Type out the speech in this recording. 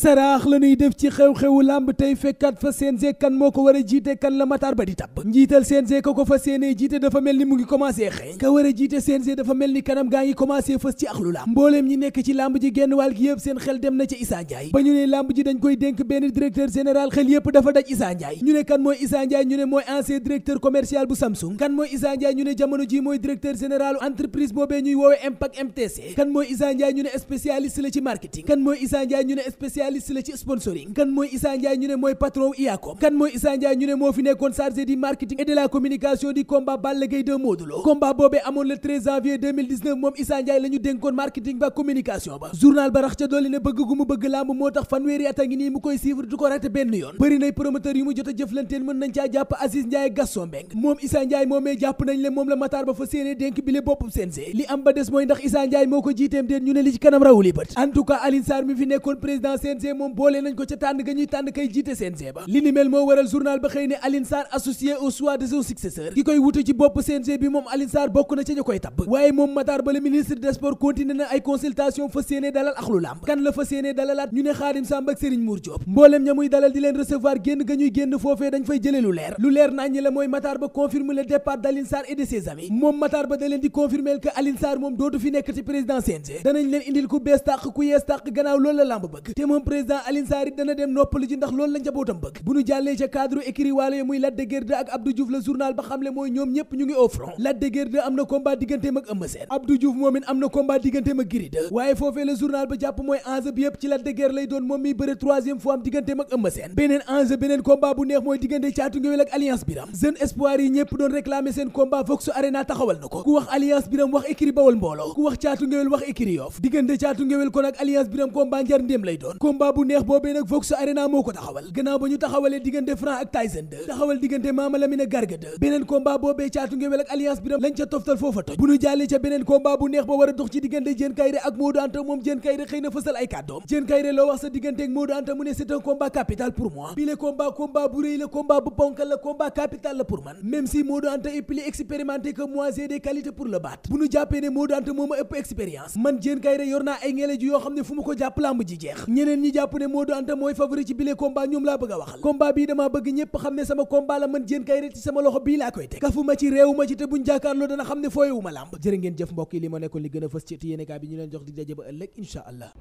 saraax la ñuy def ci xew-xewu làmb tey fekkaat fa CNG kan moo ko war a jiite kan la Matar Ba di tabb njiital CNG ko ko fa séenee jiite dafa mel ni mu ngi commencé xëy ka war a jiite CNG dafa mel ni kanam gaa ngi commencé fës ci axlu làmb mbooleem ñi nekk ci làmb ji genn wàll gi seen xel dem na ci Issa Ndiaye ba ñu ne làmb ji dañ koy denk benn directeur général xel yëpp dafa daj Issa Ndiaye ñu ne kan mooy Issa Ndiaye ñu ne mooy ancien directeur commercial bu Samsung kan mooy Issa Ndiaye ñu ne jamono ji mooy directeur général entreprise boobee ñuy woowee Impact MTC kan mooy Issa ñu ne spécialiste la ci marketing kan mooy Issa Ndiaye ñu ne spécialiste la ci sponsoring kan mooy Issa Ndiaye ñu ne mooy patron IACOM kan mooy Issa Ndiaye ñu ne moo fi nekkoon chargé du marketing et de la communication du combat Balla Gaye 2 moom Issa Ndiaye ca moomee jàpp nañ le moom la Matar Ba fa séenee dénk bi le boppam CNG li am ba des mooy ndax Issa Ndiaye moo ko jiiteem déen ñu ne li ci kanam rawuli bët en tout mi fi nekkoon président CNG moom boole nañ ko ca tànn ga ñuy tànn kay jiite CNG ba li moo waral journal ba xëy ne Alioune associé au choix de son successeur ki koy wutu ci bopp CNG bi moom Alioune bokk na ca ñu koy tabb waaye moom Matar Ba le ministre des sports na ay consultation fas yéene dalal axlu làmb kan la fas yéene dalalaat ñu ne Xaadim Samb ak Serigne Mour Diop mbooleem ña dalal di leen recevoir génn ga ñuy génn foofee dañ fay jële lu leer président Alioune Sarr it dana dem noppalu ji ndax loolu la njabootam bëgg bu ñu jàllee ca cadre écurie Waalo ya muy Lac de ak Abdou Diouf la journal ba xamle mooy ñoom ñëpp ñu ngi au front Lac am na combat digganteem ak Eumeu Sène Abdou Diouf moom am na combat digganteem ak Gris waaye foofee la journal ba jàpp mooy enjeu bi yëpp ci Lac de lay doon moom miy bëre troisième fois am digganteem ak Eumeu Sène beneen enjeu beneen combat bu neex combat neex boobee nag Vox Arena moo ko taxawal gannaaw ba ñu taxawalee diggante Franc ak Tyson 2 taxawal diggante Mama Lamine ak Garga 2 beneen combat boobee caatu ngewel ak alliance biram lañ ca toftal foofa toj bu ñu jàllee ca beneen combat bu neex ba a dox moom Diène Kaïré xëy na fësal ay kàddoom Diène Kaïré loo wax sa diggante ak Modou Anta mu ne c'est un combat pour moi bi le combat bu rëy la combat bu ponkal la combat capital la pour man même si Modou Anta est plus expérimenté que moi j'ai des pour le baat bu ñu jàppee ne Modou Anta moo ëpp expérience man Diène Kaïré yor naa ay ngele yoo xam ne fu ma ko jàpp lamb ji jeex ñi jàpp ne Modou Anta mooy favori ci bile combat ñoom laa bëgg a waxal combat bii damaa bëgg ñëpp xam ne sama combat la man jéen kay ret ci sama loxo bii laa koy teg kafu ma ci réewu ma ci te buñ jàkkaarloo dana xam ne fooyewu ma jërë ngeen jëf mbokk yi li nekkoon li gën a fës ci yéenekaay bi ñu leen jox di daje ba ëllëg incha allah